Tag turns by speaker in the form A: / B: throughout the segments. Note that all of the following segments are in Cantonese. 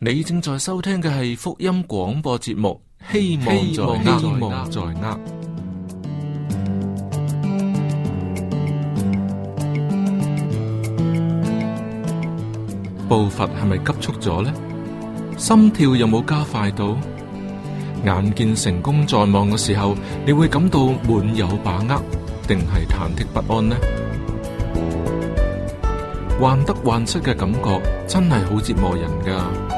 A: 你正在收聽嘅係福音廣播節目，希望在希望在握。步伐係咪急促咗呢？心跳有冇加快到？眼見成功在望嘅時候，你會感到滿有把握，定係忐忑不安呢？患得患失嘅感覺真係好折磨人噶。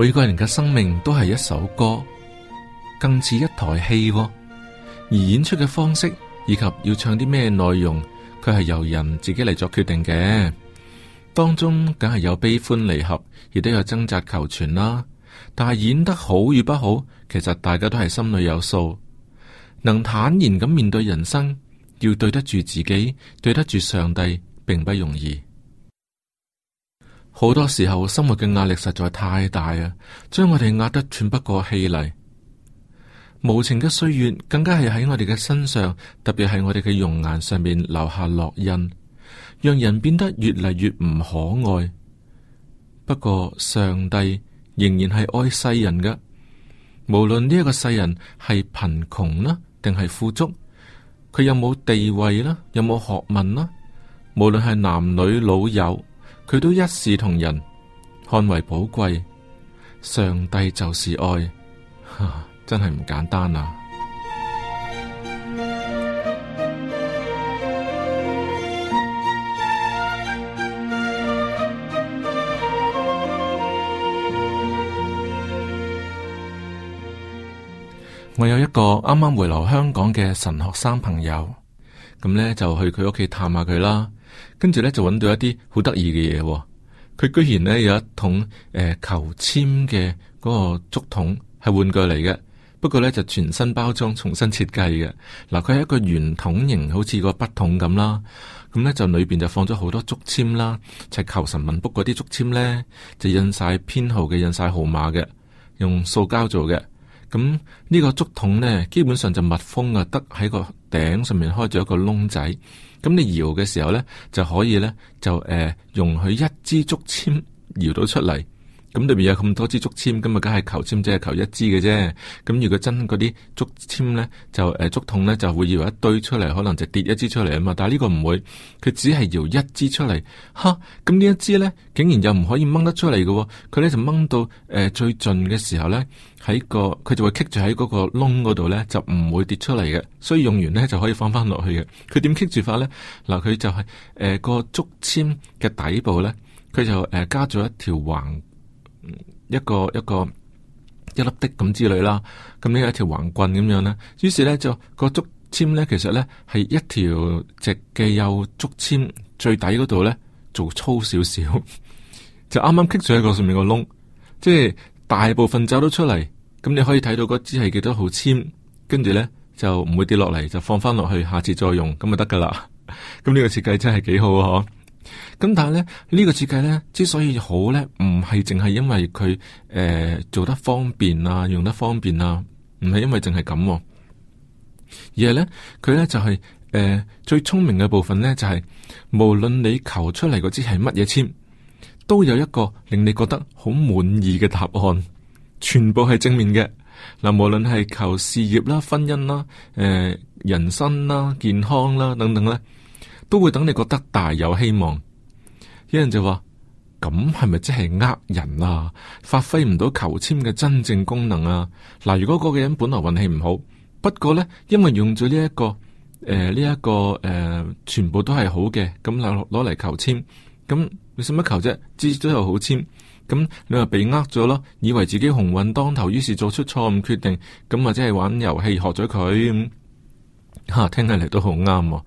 A: 每個人嘅生命都係一首歌，更似一台戲喎，而演出嘅方式以及要唱啲咩內容，佢係由人自己嚟作決定嘅。當中梗係有悲歡離合，亦都有掙扎求全啦。但係演得好與不好，其實大家都係心裏有數。能坦然咁面對人生，要對得住自己，對得住上帝，並不容易。好多時候，生活嘅壓力實在太大啊，將我哋壓得喘不過氣嚟。無情嘅歲月更加係喺我哋嘅身上，特別係我哋嘅容顏上面留下烙印，讓人變得越嚟越唔可愛。不過，上帝仍然係愛世人嘅，無論呢一個世人係貧窮啦，定係富足，佢有冇地位啦，有冇學問啦，無論係男女老幼。佢都一視同仁，看為寶貴。上帝就是愛，真係唔簡單啊！ 我有一個啱啱回流香港嘅神學生朋友，咁呢就去佢屋企探下佢啦。跟住呢，就揾到一啲好得意嘅嘢，佢居然呢有一桶誒、呃、求簽嘅嗰個竹筒係玩具嚟嘅，不過呢，就全新包裝，重新設計嘅。嗱，佢係一個圓筒形，好似個筆筒咁啦。咁、嗯、呢，就裏邊就放咗好多竹簽啦，就係、是、求神問卜嗰啲竹簽呢，就印晒編號嘅，印晒號碼嘅，用塑膠做嘅。咁、嗯、呢、這個竹筒呢，基本上就密封呀，得喺個頂上面開咗一個窿仔。咁你搖嘅時候咧，就可以咧就誒、呃、用佢一支竹籤搖到出嚟。咁裏面有咁多支竹籤，咁啊，梗係求籤，只係求一支嘅啫。咁如果真嗰啲竹籤咧，就誒、呃、竹筒咧，就會搖一堆出嚟，可能就跌一支出嚟啊嘛。但係呢個唔會，佢只係搖一支出嚟。哈，咁呢一支咧，竟然又唔可以掹得出嚟嘅、哦。佢咧就掹到誒、呃、最盡嘅時候咧，喺個佢就會棘住喺嗰個窿嗰度咧，就唔會跌出嚟嘅。所以用完咧就可以放翻落去嘅。佢點棘住法咧嗱？佢、呃、就係誒個竹籤嘅底部咧，佢就誒、呃、加咗一條橫。一個一個一粒的咁之類啦，咁呢，有一條橫棍咁樣啦。於是咧就、個竹籤咧，其實咧係一條直嘅，又竹籤最底嗰度咧做粗少少， 就啱啱棘咗喺個上面個窿，即係大部分走到出嚟，咁你可以睇到嗰支係幾多號籤，跟住咧就唔會跌落嚟，就放翻落去，下次再用咁啊得噶啦，咁呢 個設計真係幾好啊！嗬。咁但係咧呢、這個設計呢，之所以好呢，唔係淨係因為佢誒、呃、做得方便啊，用得方便啊，唔係因為淨係咁，而係呢，佢呢就係、是、誒、呃、最聰明嘅部分呢，就係、是、無論你求出嚟嗰支係乜嘢簽，都有一個令你覺得好滿意嘅答案，全部係正面嘅嗱、呃，無論係求事業啦、婚姻啦、誒、呃、人生啦、健康啦等等呢。都會等你覺得大有希望，有人就話：咁係咪即係呃人啊？發揮唔到求簽嘅真正功能啊？嗱，如果嗰個人本來運氣唔好，不過呢，因為用咗呢一個誒，呢一個誒，全部都係好嘅，咁攞攞嚟求簽，咁你使乜求啫？至都係好簽，咁你咪被呃咗咯？以為自己鴻運當頭，於是做出錯誤決定，咁或者係玩遊戲學咗佢，吓聽起嚟都好啱啊，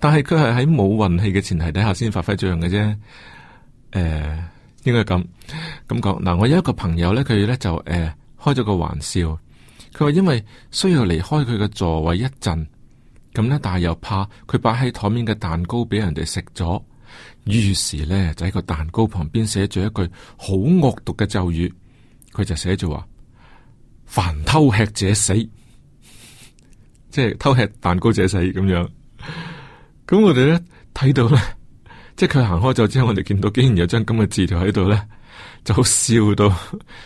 A: 但係佢係喺冇運氣嘅前提底下先發揮作用嘅啫。誒、呃，應該咁咁講嗱。我有一個朋友咧，佢咧就誒、呃、開咗個玩笑，佢話因為需要離開佢嘅座位一陣，咁咧但係又怕佢擺喺台面嘅蛋糕俾人哋食咗，於是咧就喺個蛋糕旁邊寫住一句好惡毒嘅咒語，佢就寫住話：凡偷吃者死，即係偷吃蛋糕者死咁樣。咁我哋咧睇到咧，即係佢行開咗之後，我哋見到竟然有張咁嘅字條喺度咧，就好笑到，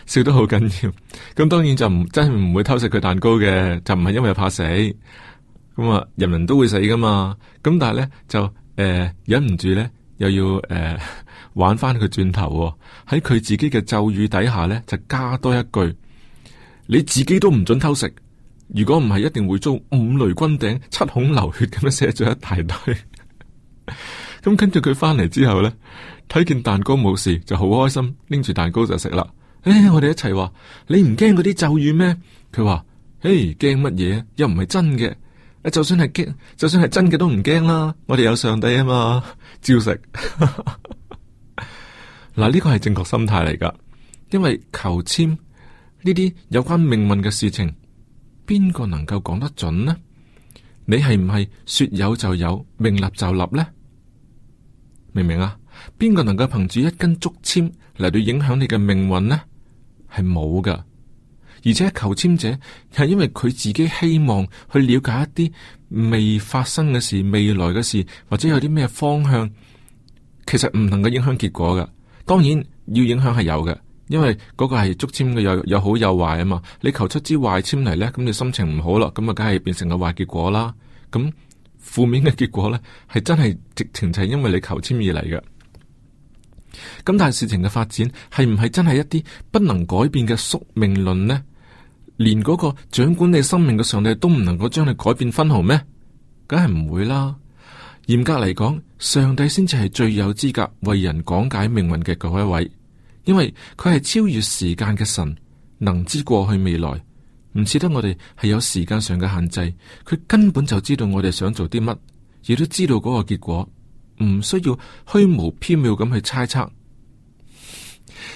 A: 笑得好緊要。咁當然就唔真係唔會偷食佢蛋糕嘅，就唔係因為怕死。咁啊，人人都會死㗎嘛。咁但係咧就誒、呃、忍唔住咧，又要誒、呃、玩翻佢轉頭喺、哦、佢自己嘅咒語底下咧，就加多一句你自己都唔准偷食。如果唔係，一定會遭五雷轟頂、七孔流血咁樣寫咗一大堆。 咁跟住佢翻嚟之後呢，睇見蛋糕冇事，就好開心，拎住蛋糕就食啦。誒、欸，我哋一齊話你唔驚嗰啲咒語咩？佢話：嘿，驚乜嘢？又唔係真嘅。就算係驚，就算係真嘅都唔驚啦。我哋有上帝啊嘛，照食。嗱，呢個係正確心態嚟噶，因為求簽呢啲有關命運嘅事情。邊個能夠講得準呢？你係唔係說有就有，命立就立呢？明唔明啊？邊個能夠憑住一根竹籤嚟到影響你嘅命運呢？係冇噶，而且求籤者係因為佢自己希望去了解一啲未發生嘅事，未來嘅事，或者有啲咩方向，其實唔能夠影響結果噶。當然，要影響係有嘅。因為嗰個係竹簽嘅，有有好有壞啊嘛。你求出支壞簽嚟呢，咁你心情唔好啦，咁啊，梗係變成個壞結果啦。咁負面嘅結果呢，係真係直情就係因為你求簽而嚟嘅。咁但係事情嘅發展係唔係真係一啲不能改變嘅宿命論呢？連嗰個掌管你生命嘅上帝都唔能夠將你改變分毫咩？梗係唔會啦。嚴格嚟講，上帝先至係最有資格為人講解命運嘅嗰一位。因為佢係超越時間嘅神，能知過去未來，唔似得我哋係有時間上嘅限制。佢根本就知道我哋想做啲乜，亦都知道嗰個結果，唔需要虛無縹緲咁去猜測。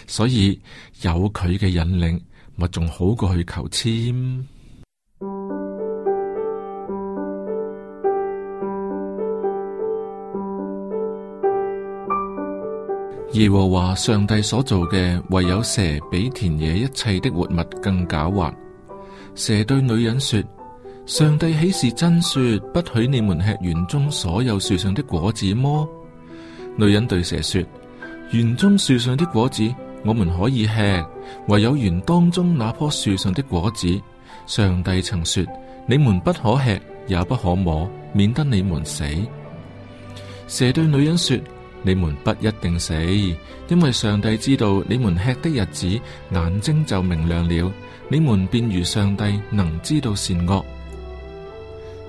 A: 所以，有佢嘅引領，咪仲好過去求簽。耶和華上帝所做嘅，唯有蛇比田野一切的活物更狡猾。蛇對女人說：上帝豈是真說不許你們吃園中所有樹上的果子麼？女人對蛇說：園中樹上的果子我們可以吃，唯有園當中那棵樹上的果子，上帝曾說你們不可吃，也不可摸，免得你們死。蛇對女人說。你們不一定死，因為上帝知道你們吃的日子，眼睛就明亮了。你們便如上帝能知道善惡。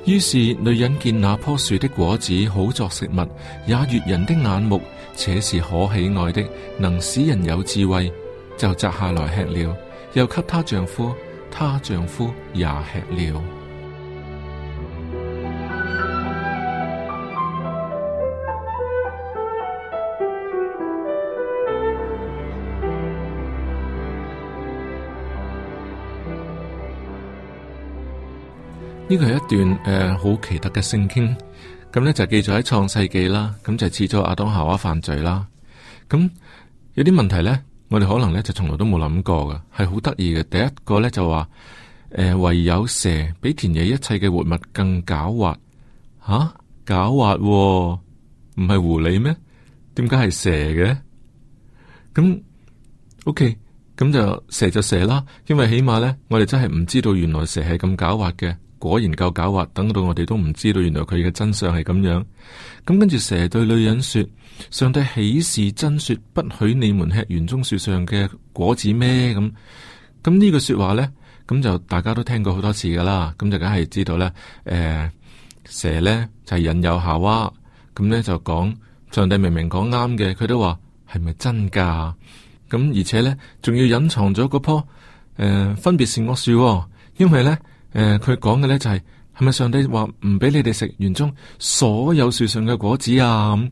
A: 於是女人見那棵樹的果子好作食物，也悅人的眼目，且是可喜愛的，能使人有智慧，就摘下來吃了，又給她丈夫，她丈夫也吃了。呢個係一段誒、好、呃、奇特嘅聖經咁咧，就記載喺創世記啦。咁就始咗亞當夏娃犯罪啦。咁有啲問題咧，我哋可能咧就從來都冇諗過嘅，係好得意嘅。第一個咧就話誒、呃，唯有蛇比田野一切嘅活物更狡猾吓、啊，狡猾唔、哦、係狐狸咩？點解係蛇嘅？咁 OK，咁就蛇就蛇啦，因為起碼咧，我哋真係唔知道原來蛇係咁狡猾嘅。果然夠狡猾，等到我哋都唔知道，原來佢嘅真相係咁樣。咁跟住蛇對女人說：上帝豈是真說，不許你們吃園中樹上嘅果子咩？咁咁呢句說話呢，咁就大家都聽過好多次噶啦。咁就梗係知道呢，誒、欸，蛇呢就係引誘夏娃，咁呢就講上帝明明講啱嘅，佢都話係咪真噶？咁而且呢，仲要隱藏咗嗰棵誒、呃、分別善惡樹、哦，因為呢。誒，佢講嘅咧就係係咪上帝話唔俾你哋食園中所有樹上嘅果子啊？咁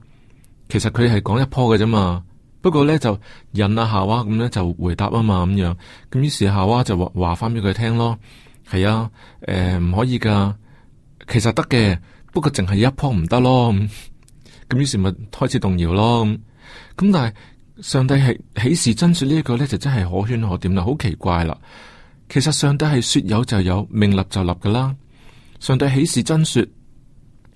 A: 其實佢係講一棵嘅啫嘛。不過咧就引啊夏娃咁咧就回答啊嘛咁樣。咁於是夏娃就話話翻俾佢聽咯，係啊，誒、呃、唔可以噶。其實得嘅，不過淨係一棵唔得咯。咁於是咪開始動搖咯。咁但係上帝係啟示真說呢一個咧就真係可圈可點啦，好奇怪啦。其實上帝係說有就有，命立就立噶啦。上帝起誓真說，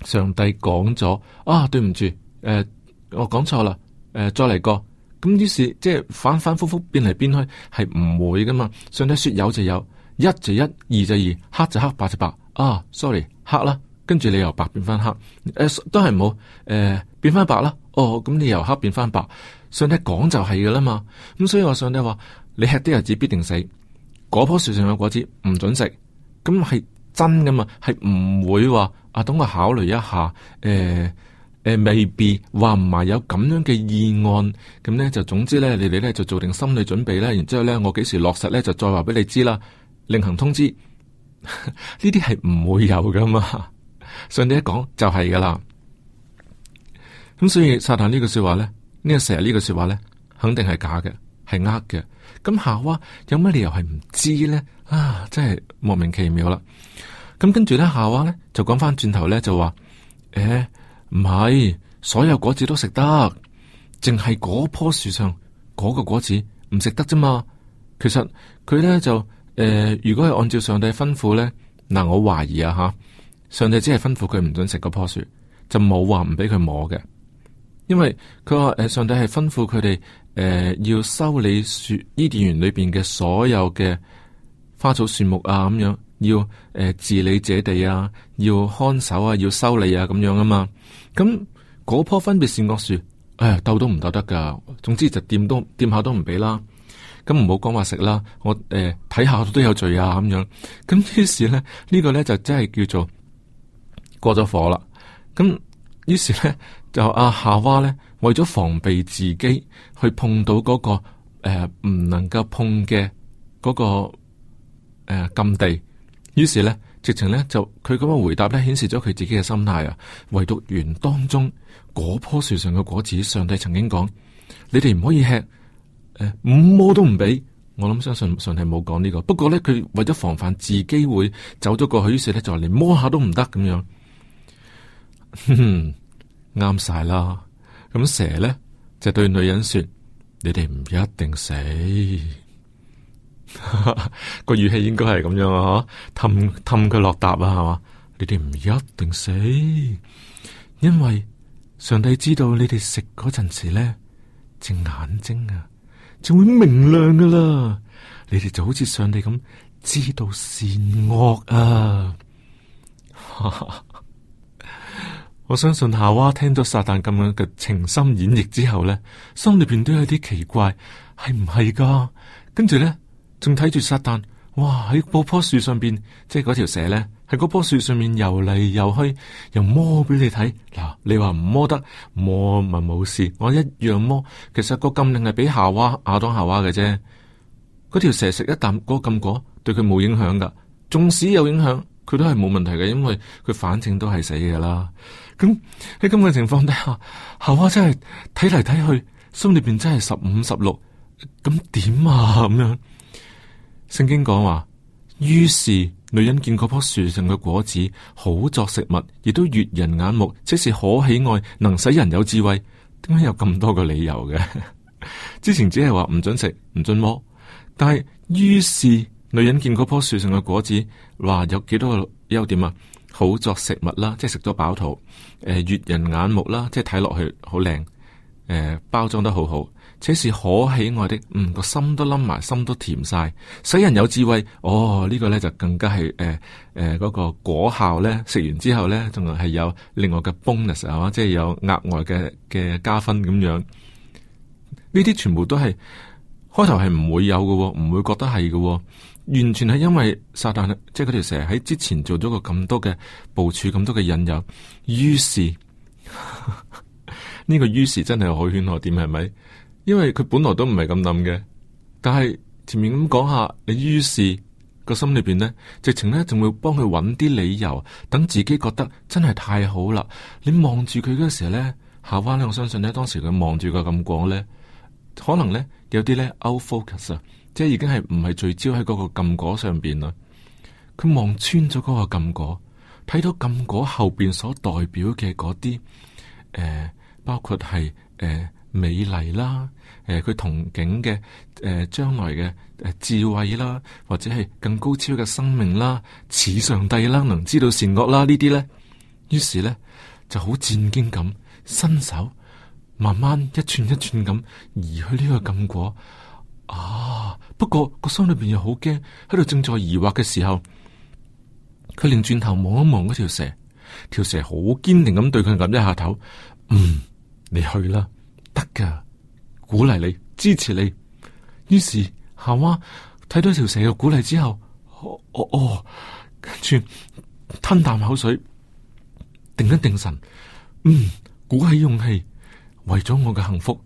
A: 上帝講咗啊，對唔住，誒、呃，我講錯啦，誒、呃，再嚟過，咁於是即係反反复覆變嚟變去，係唔會噶嘛。上帝說有就有，一就一，二就二，黑就黑，白就白。啊，sorry，黑啦，跟住你由白變翻黑，誒、呃，都係唔好，誒、呃，變翻白啦。哦，咁你由黑變翻白，上帝講就係噶啦嘛。咁、嗯、所以我上帝話，你吃啲日子必定死。嗰棵樹上有果子唔准食，咁係真噶嘛？係唔會話啊，等我考慮一下，誒、欸、誒、欸，未必話唔係有咁樣嘅議案，咁咧就總之咧，你哋咧就做定心理準備啦。然之後咧，我幾時落實咧就再話俾你知啦，另行通知。呢啲係唔會有噶嘛？上帝一講就係噶啦。咁所以撒旦呢句說、這個、話咧，呢個成日呢句說話咧，肯定係假嘅，係呃嘅。咁夏娃有乜理由係唔知咧？啊，真係莫名其妙啦！咁跟住咧，夏娃咧就講翻轉頭咧就話：，誒、欸，唔係，所有果子都食得，淨係嗰棵樹上嗰個果子唔食得啫嘛。其實佢咧就誒、呃，如果係按照上帝吩咐咧，嗱，我懷疑啊吓，上帝只係吩咐佢唔准食嗰棵樹，就冇話唔俾佢摸嘅，因為佢話誒，上帝係吩咐佢哋。誒、呃，要修理樹伊甸園裏邊嘅所有嘅花草樹木啊，咁樣要誒、呃、治理這地啊，要看守啊，要修理啊，咁樣啊嘛。咁、嗯、嗰棵分別善惡樹，誒，鬥都唔鬥得噶，總之就掂都掂下都唔俾啦。咁唔好講話食啦，我誒睇、呃、下都有罪啊，咁樣。咁、嗯、於是咧，這個、呢個咧就真係叫做過咗火啦。咁、嗯、於是咧，就阿、啊、夏娃咧。為咗防備自己去碰到嗰、那個誒，唔、呃、能夠碰嘅嗰、那個誒、呃、禁地，於是咧，直情咧就佢咁嘅回答咧，顯示咗佢自己嘅心態啊。唯獨園當中嗰棵樹上嘅果子，上帝曾經講你哋唔可以吃誒，摸、呃、都唔俾。我諗相信上帝冇講呢個，不過咧，佢為咗防範自己會走咗過去，於是咧，就話連摸下都唔得咁樣，啱晒啦。咁蛇咧就對女人說：你哋唔一定死，個 語氣應該係咁樣啊！氹氹佢落搭啊，係嘛？你哋唔一定死，因為上帝知道你哋食嗰陣時咧，隻眼睛啊就會明亮噶啦，你哋就好似上帝咁知道善惡啊！ 我相信夏娃聽到撒旦咁樣嘅情深演繹之後呢，心裏邊都有啲奇怪，係唔係噶？跟住呢，仲睇住撒旦，哇！喺嗰棵樹上邊，即係嗰條蛇呢，喺嗰棵樹上面游嚟游去，又摸俾你睇。嗱，你話唔摸得摸咪冇事，我一樣摸。其實個禁令係俾夏娃亞當夏娃嘅啫。嗰條蛇食一啖嗰個禁果，對佢冇影響噶。縱使有影響，佢都係冇問題嘅，因為佢反正都係死嘅啦。咁喺咁嘅情況底下，校我真係睇嚟睇去，心裏邊真係十五十六，咁點啊咁樣？聖 經講話，於是女人見嗰棵樹上嘅果子好作食物，亦都悅人眼目，即是可喜愛，能使人有智慧。點解有咁多個理由嘅？ 之前只係話唔準食，唔準摸，但係於是，於是女人見嗰棵樹上嘅果子，話，有幾多個優點啊！好作食物啦，即係食咗飽肚，誒、呃、悦人眼目啦，即係睇落去好靚，誒、呃、包裝得好好，且是可喜愛的，嗯個心都冧埋，心都甜晒，使人有智慧。哦、這個、呢個咧就更加係誒誒嗰個果效咧，食完之後咧仲係有另外嘅 bonus 啊，即係有額外嘅嘅加分咁樣。呢啲全部都係開頭係唔會有嘅、哦，唔會覺得係嘅、哦。完全係因為撒旦咧，即係嗰條蛇喺之前做咗個咁多嘅部署，咁多嘅引誘，於是呢 個於是真係好圈我點係咪？因為佢本來都唔係咁諗嘅，但係前面咁講下，你於是個心裡邊呢，直情呢仲會幫佢揾啲理由，等自己覺得真係太好啦。你望住佢嗰時候呢，夏娃呢，我相信呢，當時佢望住佢咁講呢，可能呢，有啲呢，out focus 啊。即係已經係唔係聚焦喺嗰個禁果上邊啦，佢望穿咗嗰個禁果，睇到禁果後邊所代表嘅嗰啲，誒、呃，包括係誒、呃、美麗啦，誒、呃、佢同景嘅，誒、呃、將來嘅誒、呃、智慧啦，或者係更高超嘅生命啦，似上帝啦，能知道善惡啦呢啲咧，於是咧就好戰驚咁，伸手慢慢一寸一寸咁移去呢個禁果。啊！不過個心裏邊又好驚，喺度正在疑惑嘅時候，佢擰轉頭望一望嗰條蛇，條蛇好堅定咁對佢㩒一下頭，嗯，你去啦，得㗎，鼓勵你，支持你。於是夏娃睇到條蛇嘅鼓勵之後，哦哦哦，跟住吞啖口水，定一定神，嗯，鼓起勇氣，為咗我嘅幸福。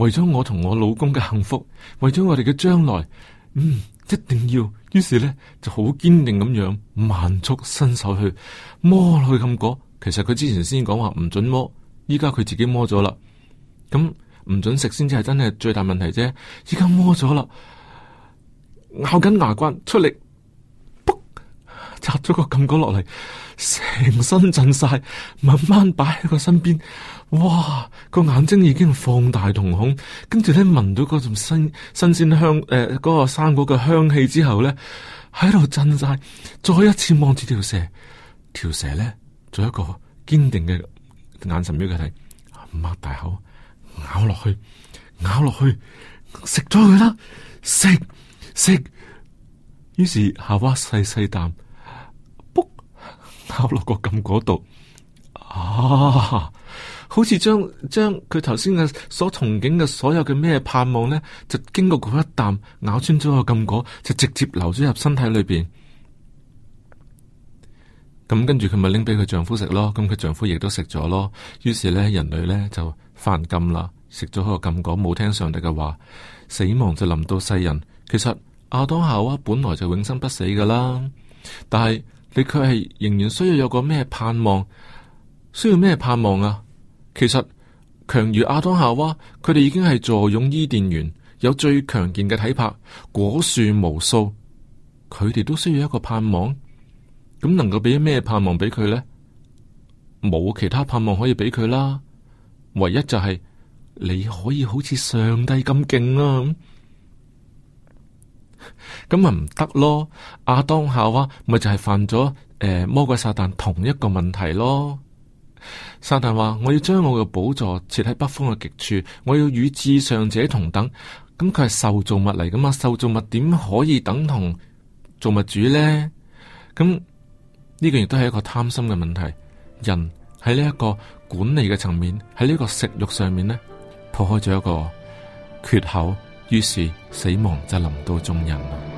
A: 為咗我同我老公嘅幸福，為咗我哋嘅將來，嗯，一定要。於是咧就好堅定咁樣慢速伸手去摸落去咁過。其實佢之前先講話唔准摸，依家佢自己摸咗啦。咁唔准食先至係真係最大問題啫。依家摸咗啦，咬緊牙關出力。壓咗個撳桿落嚟，成身震晒，慢慢擺喺佢身邊。哇！個眼睛已經放大瞳孔，跟住咧聞到嗰陣新新鮮香誒，嗰個生果嘅香氣之後咧，喺度震晒，再一次望住條蛇，條蛇咧做一個堅定嘅眼神俾佢睇，擘大口咬落去，咬落去，食咗佢啦，食食。於是夏娃細細啖。咬落個禁果度，啊，好似將將佢頭先嘅所憧憬嘅所有嘅咩盼望呢，就經過嗰一啖咬穿咗個禁果，就直接流咗入身體裏邊。咁、啊、跟住佢咪拎俾佢丈夫食咯，咁、啊、佢丈夫亦都食咗咯。於是呢，人類呢就犯禁啦，食咗嗰個禁果，冇聽上帝嘅話，死亡就臨到世人。其實亞當夏娃本來就永生不死噶啦，但係。你佢係仍然需要有個咩盼望？需要咩盼望啊？其實強如亞當夏娃，佢哋已經係坐擁伊甸園，有最強健嘅體魄，果樹無數，佢哋都需要一個盼望。咁能夠俾咩盼望俾佢呢？冇其他盼望可以俾佢啦，唯一就係、是、你可以好似上帝咁勁啊！咁咪唔得咯！亞、啊、當夏娃咪就係犯咗誒、欸、魔鬼撒旦同一個問題咯。撒旦話：我要將我嘅寶座設喺北方嘅極處，我要與至上者同等。咁佢係受造物嚟噶嘛？受造物點可以等同造物主咧？咁呢、這個亦都係一個貪心嘅問題。人喺呢一個管理嘅層面，喺呢個食欲上面咧，破開咗一個缺口。於是死亡就臨到眾人。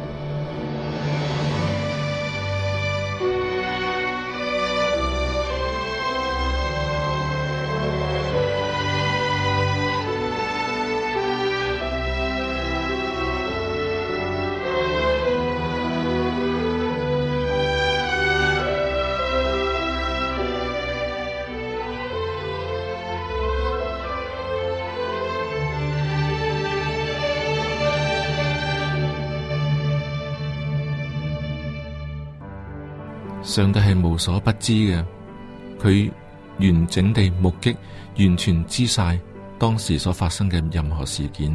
A: 上帝係無所不知嘅，佢完整地目擊，完全知晒當時所發生嘅任何事件。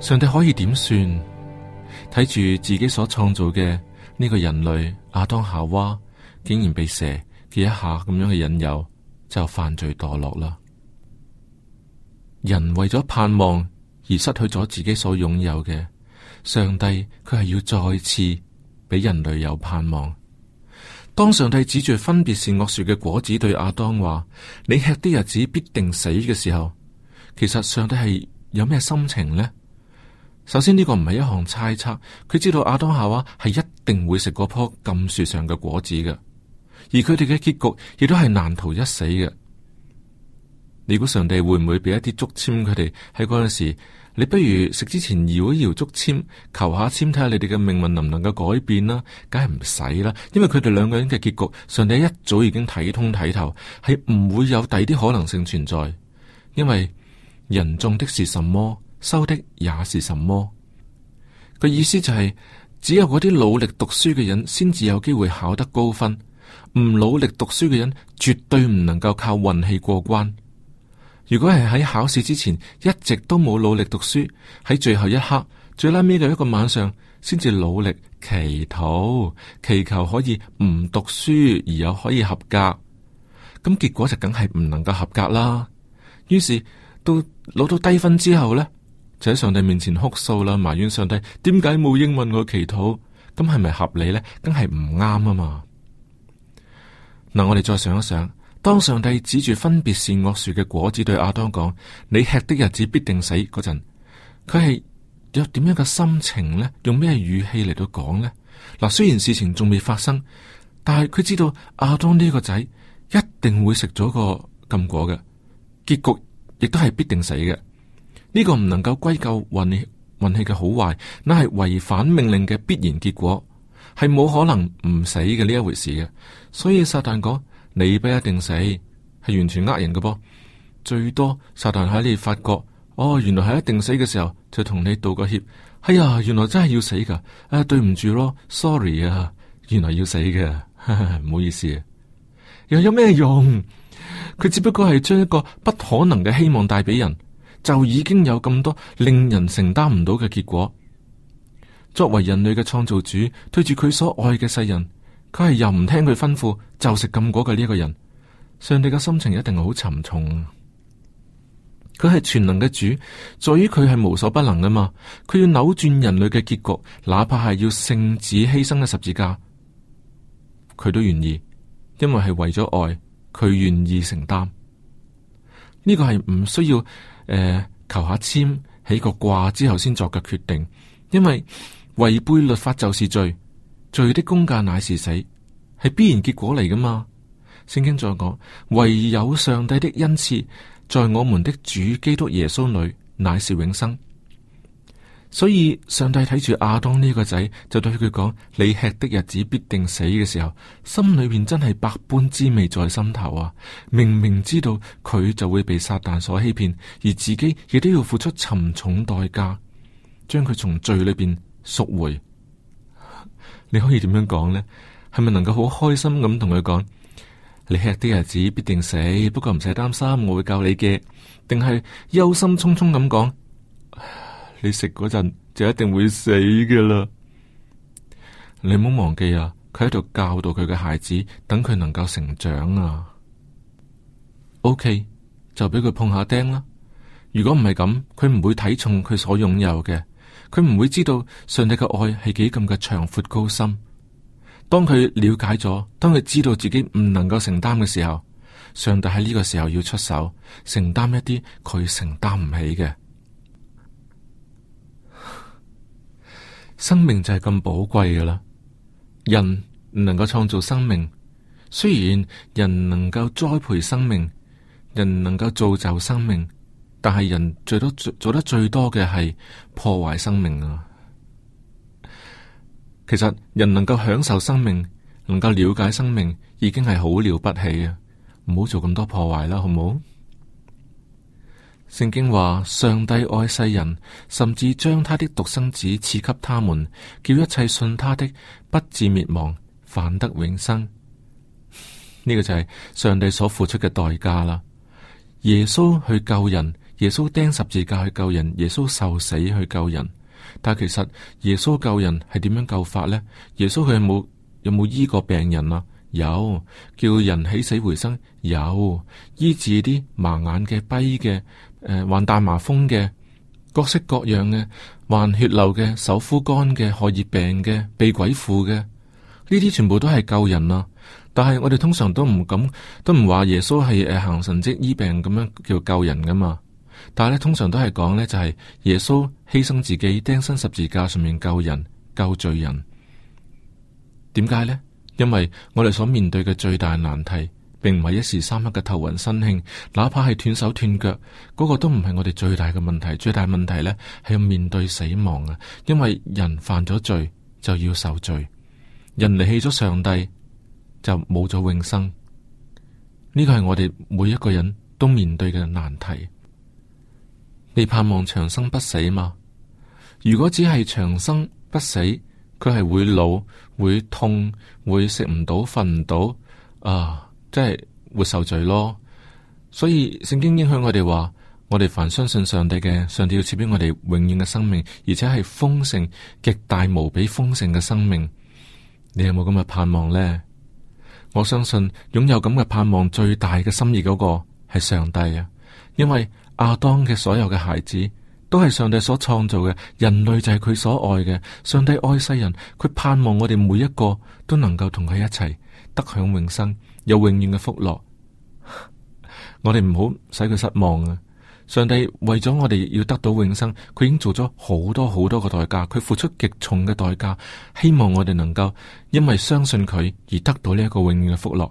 A: 上帝可以點算？睇住自己所創造嘅呢個人類亞當夏娃，竟然被蛇嘅一下咁樣嘅引誘，就犯罪墮落啦。人為咗盼望而失去咗自己所擁有嘅，上帝佢係要再次。俾人類有盼望。當上帝指住分別是惡樹嘅果子對阿當話：你吃啲日子必定死嘅時候，其實上帝係有咩心情呢？首先呢個唔係一項猜測，佢知道亞當夏娃係一定會食嗰棵禁樹上嘅果子嘅，而佢哋嘅結局亦都係難逃一死嘅。你估上帝會唔會俾一啲竹籤佢哋喺嗰陣時？你不如食之前搖一搖竹籤，求下籤睇下你哋嘅命運能唔能夠改變啦？梗係唔使啦，因為佢哋兩個人嘅結局，上帝一早已經睇通睇透，係唔會有第二啲可能性存在。因為人種的是什麼，收的也是什麼。佢意思就係、是，只有嗰啲努力讀書嘅人，先至有機會考得高分。唔努力讀書嘅人，絕對唔能夠靠運氣過關。如果係喺考試之前一直都冇努力讀書，喺最後一刻最拉尾到一個晚上，先至努力祈禱，祈求可以唔讀書而又可以合格，咁結果就梗係唔能夠合格啦。於是到攞到低分之後呢，就喺上帝面前哭訴啦，埋怨上帝點解冇英文我祈禱，咁係咪合理呢？梗係唔啱啊嘛。嗱，我哋再想一想。當上帝指住分別善惡樹嘅果子對亞當講：你吃的日子必定死。嗰陣佢係有點樣嘅心情呢？用咩語氣嚟到講呢？嗱，雖然事情仲未發生，但係佢知道亞當呢個仔一定會食咗個禁果嘅，結局亦都係必定死嘅。呢、這個唔能夠歸咎運運氣嘅好壞，乃係違反命令嘅必然結果，係冇可能唔死嘅呢一回事嘅。所以撒旦講。你不一定死，係完全呃人嘅噃。最多撒旦喺你發覺，哦，原來係一定死嘅時候，就同你道個歉。哎呀，原來真係要死噶，誒、哎，對唔住咯，sorry 啊，原來要死嘅，唔好意思、啊。又有咩用？佢只不過係將一個不可能嘅希望帶俾人，就已經有咁多令人承擔唔到嘅結果。作為人類嘅創造主，對住佢所愛嘅世人。佢係又唔聽佢吩咐就食禁果嘅呢一個人，上帝嘅心情一定好沉重。佢係全能嘅主，在於佢係無所不能㗎嘛！佢要扭轉人類嘅結局，哪怕係要聖子犧牲嘅十字架，佢都願意，因為係為咗愛，佢願意承擔。呢、這個係唔需要誒、呃、求下簽起個卦之後先作嘅決定，因為違背律法就是罪。罪的工價乃是死，係必然結果嚟㗎嘛。聖經再講，唯有上帝的恩賜在我們的主基督耶穌裏，乃是永生。所以上帝睇住亞當呢個仔，就對佢講：你吃的日子必定死嘅時候，心裏面真係百般滋味在心頭啊！明明知道佢就會被撒旦所欺騙，而自己亦都要付出沉重代價，將佢從罪裏邊贖回。你可以點樣講呢？係咪能夠好開心咁同佢講？你吃啲日子必定死，不過唔使擔心，我會教你嘅。定係憂心忡忡咁講，你食嗰陣就一定會死噶啦！你唔好忘記啊，佢喺度教導佢嘅孩子，等佢能夠成長啊。OK，就俾佢碰下釘啦。如果唔係咁，佢唔會睇重佢所擁有嘅。佢唔會知道上帝嘅愛係幾咁嘅長闊高深。當佢了解咗，當佢知道自己唔能夠承擔嘅時候，上帝喺呢個時候要出手，承擔一啲佢承擔唔起嘅。生命就係咁寶貴㗎喇。人唔能夠創造生命，雖然人能夠栽培生命，人能夠造就生命。但係人最多做，做得最多嘅係破壞生命啊！其實人能夠享受生命，能夠了解生命，已經係好了不起啊！唔好做咁多破壞啦，好唔好？聖經話：上帝愛世人，甚至將他的獨生子賜給他們，叫一切信他的不至滅亡，反得永生。呢個就係上帝所付出嘅代價啦。耶穌去救人。耶穌釘十字架去救人，耶穌受死去救人，但係其實耶穌救人係點樣救法呢？耶穌佢有冇有冇醫過病人啊？有叫人起死回生，有醫治啲盲眼嘅跛嘅，誒、呃、患大麻風嘅，各式各樣嘅患血流嘅、手枯乾嘅、害熱病嘅、被鬼附嘅，呢啲全部都係救人啊！但係我哋通常都唔敢，都唔話耶穌係誒、呃、行神蹟醫病咁樣叫救人㗎嘛。但係咧，通常都係講咧，就係、是、耶穌犧牲自己釘身十字架上面救人救罪人。點解呢？因為我哋所面對嘅最大難題，並唔係一時三刻嘅頭暈身㷫，哪怕係斷手斷腳，嗰、那個都唔係我哋最大嘅問題。最大問題呢，係要面對死亡啊！因為人犯咗罪就要受罪，人離棄咗上帝就冇咗永生。呢、這個係我哋每一個人都面對嘅難題。你盼望長生不死嘛？如果只係長生不死，佢係會老、會痛、會食唔到、瞓唔到啊！即係會受罪咯。所以聖經應許我哋話：我哋凡相信上帝嘅，上帝要賜俾我哋永遠嘅生命，而且係豐盛、極大、無比豐盛嘅生命。你有冇咁嘅盼望呢？我相信擁有咁嘅盼望最大嘅心意嗰個係上帝啊，因為。亞當嘅所有嘅孩子都係上帝所創造嘅，人類就係佢所愛嘅。上帝愛世人，佢盼望我哋每一個都能夠同佢一齊得享永生，有永遠嘅福樂。 我哋唔好使佢失望啊！上帝為咗我哋要得到永生，佢已經做咗好多好多個代價，佢付出極重嘅代價，希望我哋能夠因為相信佢而得到呢一個永遠嘅福樂。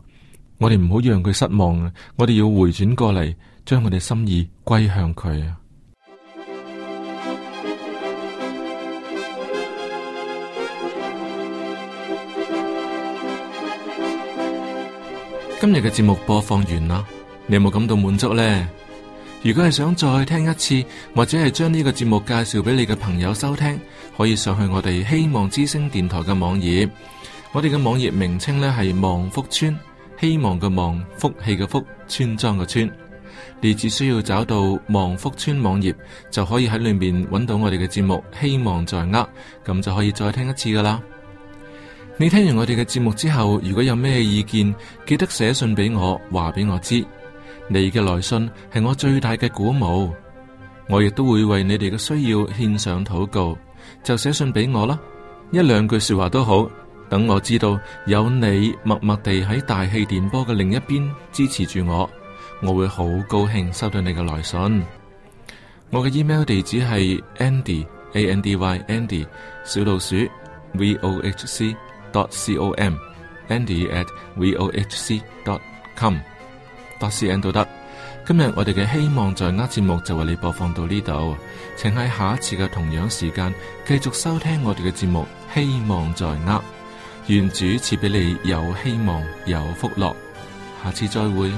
A: 我哋唔好讓佢失望啊！我哋要回轉過嚟。將我哋心意歸向佢啊！今日嘅節目播放完啦，你有冇感到滿足呢？如果係想再聽一次，或者係將呢個節目介紹俾你嘅朋友收聽，可以上去我哋希望之聲電台嘅網頁。我哋嘅網頁名稱呢係望福村，希望嘅望，福氣嘅福，村莊嘅村。你只需要找到望福村網頁，就可以喺裏面揾到我哋嘅節目《希望在握》，咁就可以再聽一次噶啦。你聽完我哋嘅節目之後，如果有咩意見，記得寫信俾我，話俾我知。你嘅來信係我最大嘅鼓舞，我亦都會為你哋嘅需要獻上禱告。就寫信俾我啦，一兩句說話都好，等我知道有你默默地喺大氣電波嘅另一邊支持住我。我會好高興收到你嘅來信。我嘅 email 地址係 andy a n d y andy 小老鼠 v o h c dot c o m andy at v o h c dot com dot c n 都得。今日我哋嘅希望在握節目就為你播放到呢度，請喺下一次嘅同樣時間繼續收聽我哋嘅節目。希望在握，願主賜俾你有希望有福樂。下次再會。